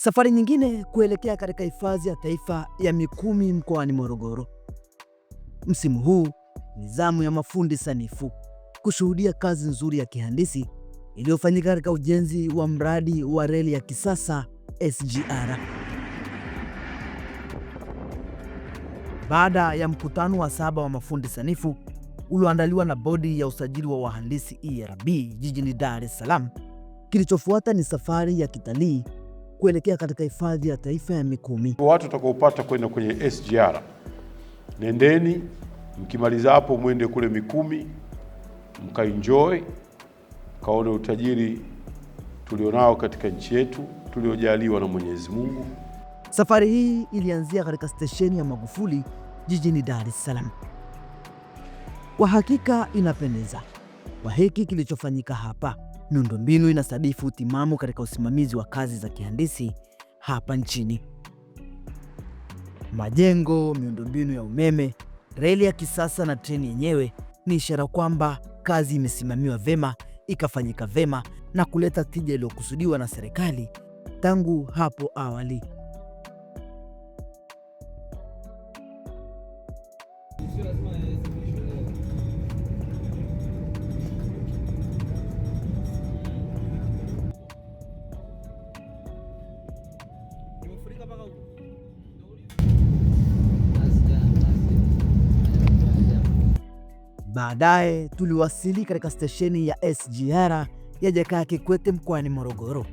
Safari nyingine kuelekea katika hifadhi ya taifa ya Mikumi mkoani Morogoro. Msimu huu ni zamu ya mafundi sanifu kushuhudia kazi nzuri ya kihandisi iliyofanyika katika ujenzi wa mradi wa reli ya kisasa SGR. Baada ya mkutano wa saba wa mafundi sanifu ulioandaliwa na bodi ya usajili wa wahandisi ERB jijini Dar es Salaam, kilichofuata ni safari ya kitalii kuelekea katika hifadhi ya taifa ya Mikumi. Watu watakaopata kwenda kwenye SGR, nendeni mkimaliza hapo mwende kule Mikumi mkaenjoy, mkaone utajiri tulionao katika nchi yetu tuliojaliwa na Mwenyezi Mungu. Safari hii ilianzia katika stesheni ya Magufuli jijini Dar es Salaam. Kwa hakika inapendeza kwa hiki kilichofanyika hapa miundombinu inasadifu utimamu katika usimamizi wa kazi za kihandisi hapa nchini. Majengo, miundombinu ya umeme, reli ya kisasa na treni yenyewe ni ishara kwamba kazi imesimamiwa vema, ikafanyika vema na kuleta tija iliyokusudiwa na serikali tangu hapo awali. Baadaye tuliwasili katika stesheni ya SGR ya Jakaya Kikwete mkoani Morogoro.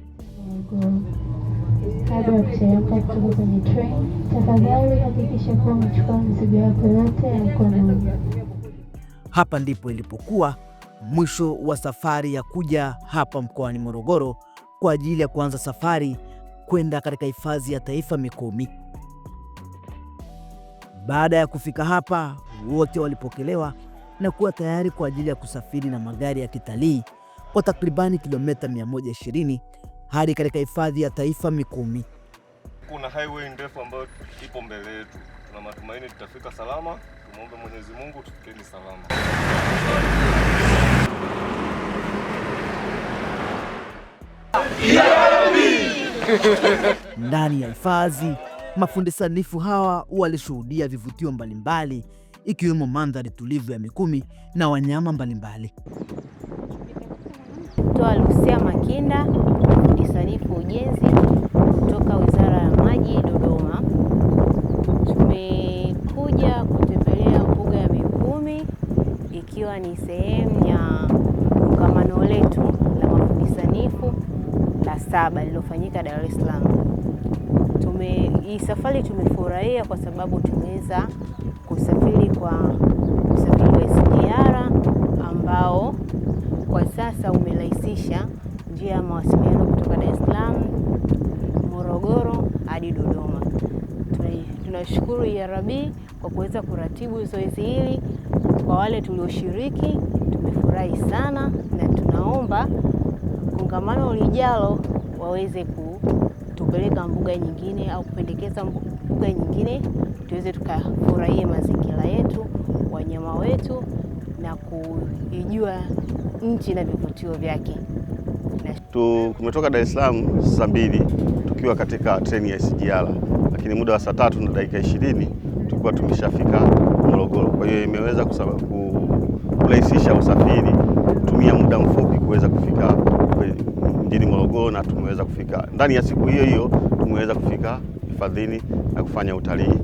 Hapa ndipo ilipokuwa mwisho wa safari ya kuja hapa mkoani Morogoro kwa ajili ya kuanza safari kwenda katika hifadhi ya taifa Mikumi. Baada ya kufika hapa, wote walipokelewa na kuwa tayari kwa ajili ya kusafiri na magari ya kitalii kwa takribani kilomita 120 hadi katika hifadhi ya taifa Mikumi. Kuna highway ndefu ambayo ipo mbele yetu, tuna matumaini tutafika salama. Tumwombe Mwenyezi Mungu tufikeni salama. Ndani ya hifadhi, mafundi sanifu hawa walishuhudia vivutio mbalimbali ikiwemo mandhari tulivu ya Mikumi na wanyama mbalimbali. Toa Lucia Makinda, kisanifu ujenzi kutoka Wizara ya Maji Dodoma. Tumekuja kutembelea mbuga ya Mikumi ikiwa ni sehemu ya kongamano letu la mafundi sanifu la saba lililofanyika Dar es Salaam. Tume hii safari tumefurahia kwa sababu tumeweza kusafiri kwa usafiri wa SGR ambao kwa sasa umerahisisha njia ya mawasiliano kutoka Dar es Salaam, Morogoro hadi Dodoma. Tunashukuru ERB kwa kuweza kuratibu zoezi hili. Kwa wale tulioshiriki tumefurahi sana, na tunaomba kongamano lijalo waweze kutupeleka mbuga nyingine au kupendekeza mbuga mbuga nyingine, tuweze tukafurahia mazingira yetu, wanyama wetu na kuijua nchi na vivutio vyake. Tumetoka Dar es Salaam saa mbili tukiwa katika treni ya SGR, lakini muda wa saa tatu na dakika ishirini tulikuwa tumeshafika Morogoro. Kwa hiyo imeweza kurahisisha usafiri kutumia muda mfupi kuweza kufika mjini Morogoro, na tumeweza kufika ndani ya siku hiyo hiyo tumeweza kufika kufadhili na kufanya utalii.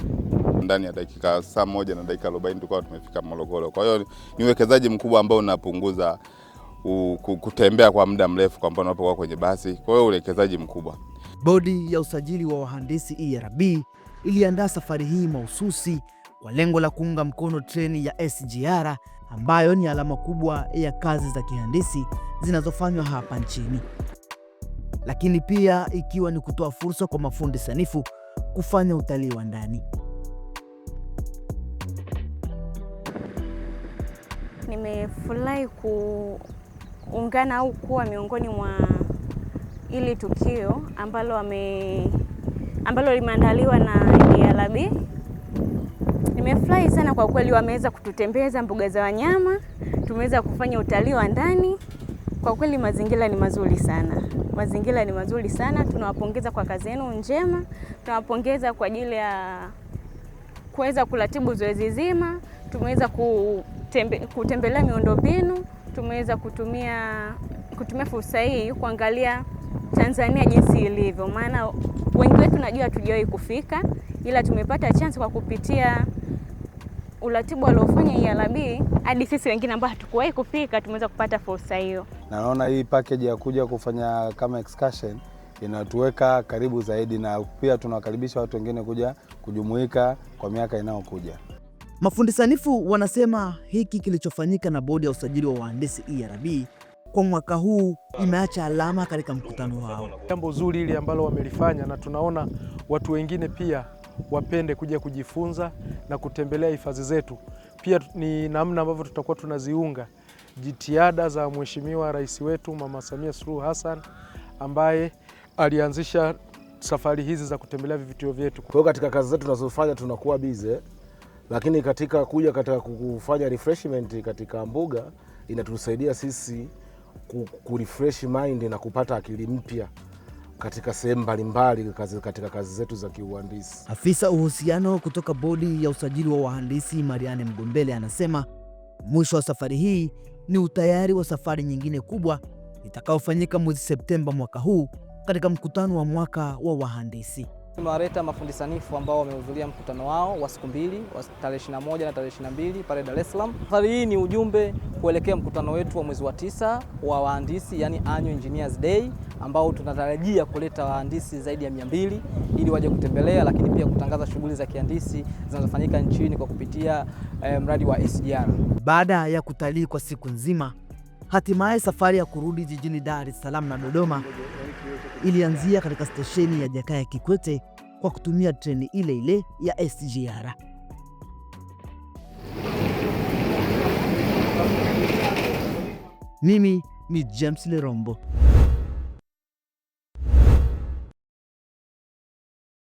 Ndani ya dakika saa moja na dakika arobaini tulikuwa tumefika Morogoro. Kwa hiyo ni uwekezaji mkubwa ambao unapunguza kutembea kwa muda mrefu, kwa mfano unapokuwa kwenye basi. Kwa hiyo uwekezaji mkubwa. Bodi ya usajili wa wahandisi ERB iliandaa safari hii mahususi kwa lengo la kuunga mkono treni ya SGR ambayo ni alama kubwa ya kazi za kihandisi zinazofanywa hapa nchini, lakini pia ikiwa ni kutoa fursa kwa mafundi sanifu kufanya utalii wa ndani. Nimefurahi kuungana au kuwa miongoni mwa ili tukio ambalo wame ambalo limeandaliwa na DRB. Nimefurahi sana kwa kweli, wameweza kututembeza mbuga za wanyama, tumeweza kufanya utalii wa ndani. Kwa kweli mazingira ni mazuri sana, mazingira ni mazuri sana. Tunawapongeza kwa kazi yenu njema, tunawapongeza kwa ajili ya kuweza kuratibu zoezi zima. Tumeweza kutembe, kutembelea miundombinu, tumeweza kutumia kutumia fursa hii kuangalia Tanzania jinsi ilivyo, maana wengi wetu najua hatujawahi kufika, ila tumepata chance kwa kupitia uratibu aliofanya ERB hadi sisi wengine ambao hatukuwahi kufika tumeweza kupata fursa hiyo na naona hii package ya kuja kufanya kama excursion inatuweka karibu zaidi, na pia tunawakaribisha watu wengine kuja kujumuika kwa miaka inayokuja. Mafundi sanifu wanasema hiki kilichofanyika na bodi ya usajili wa wahandisi ERB kwa mwaka huu imeacha alama katika mkutano wao, jambo zuri hili ambalo wamelifanya, na tunaona watu wengine pia wapende kuja kujifunza na kutembelea hifadhi zetu. Pia ni namna ambavyo tutakuwa tunaziunga jitihada za Mheshimiwa Rais wetu Mama Samia Suluhu Hassan ambaye alianzisha safari hizi za kutembelea vivutio vyetu. Kwa hiyo katika kazi zetu tunazofanya tunakuwa bize, lakini katika kuja katika kufanya refreshment katika mbuga inatusaidia sisi kurefresh mind na kupata akili mpya katika sehemu mbalimbali katika kazi zetu za kiuhandisi. Afisa uhusiano kutoka bodi ya usajili wa wahandisi Mariane Mgombele anasema mwisho wa safari hii ni utayari wa safari nyingine kubwa itakayofanyika mwezi Septemba mwaka huu katika mkutano wa mwaka wa wahandisi. Tumewaleta mafundi sanifu ambao wamehudhuria mkutano wao wa siku mbili wa tarehe 21 na tarehe 22 pale Dar es Salaam. Safari hii ni ujumbe kuelekea mkutano wetu wa mwezi wa tisa wa wahandisi, yani Annual Engineers Day ambao tunatarajia kuleta wahandisi zaidi ya 200 ili waje kutembelea, lakini pia kutangaza shughuli za kihandisi zinazofanyika nchini kwa kupitia eh, mradi wa SGR. Baada ya kutalii kwa siku nzima, hatimaye safari ya kurudi jijini Dar es Salaam na Dodoma ilianzia katika stesheni ya Jakaya Kikwete kwa kutumia treni ile ile ya SGR. Mimi ni James Lerombo.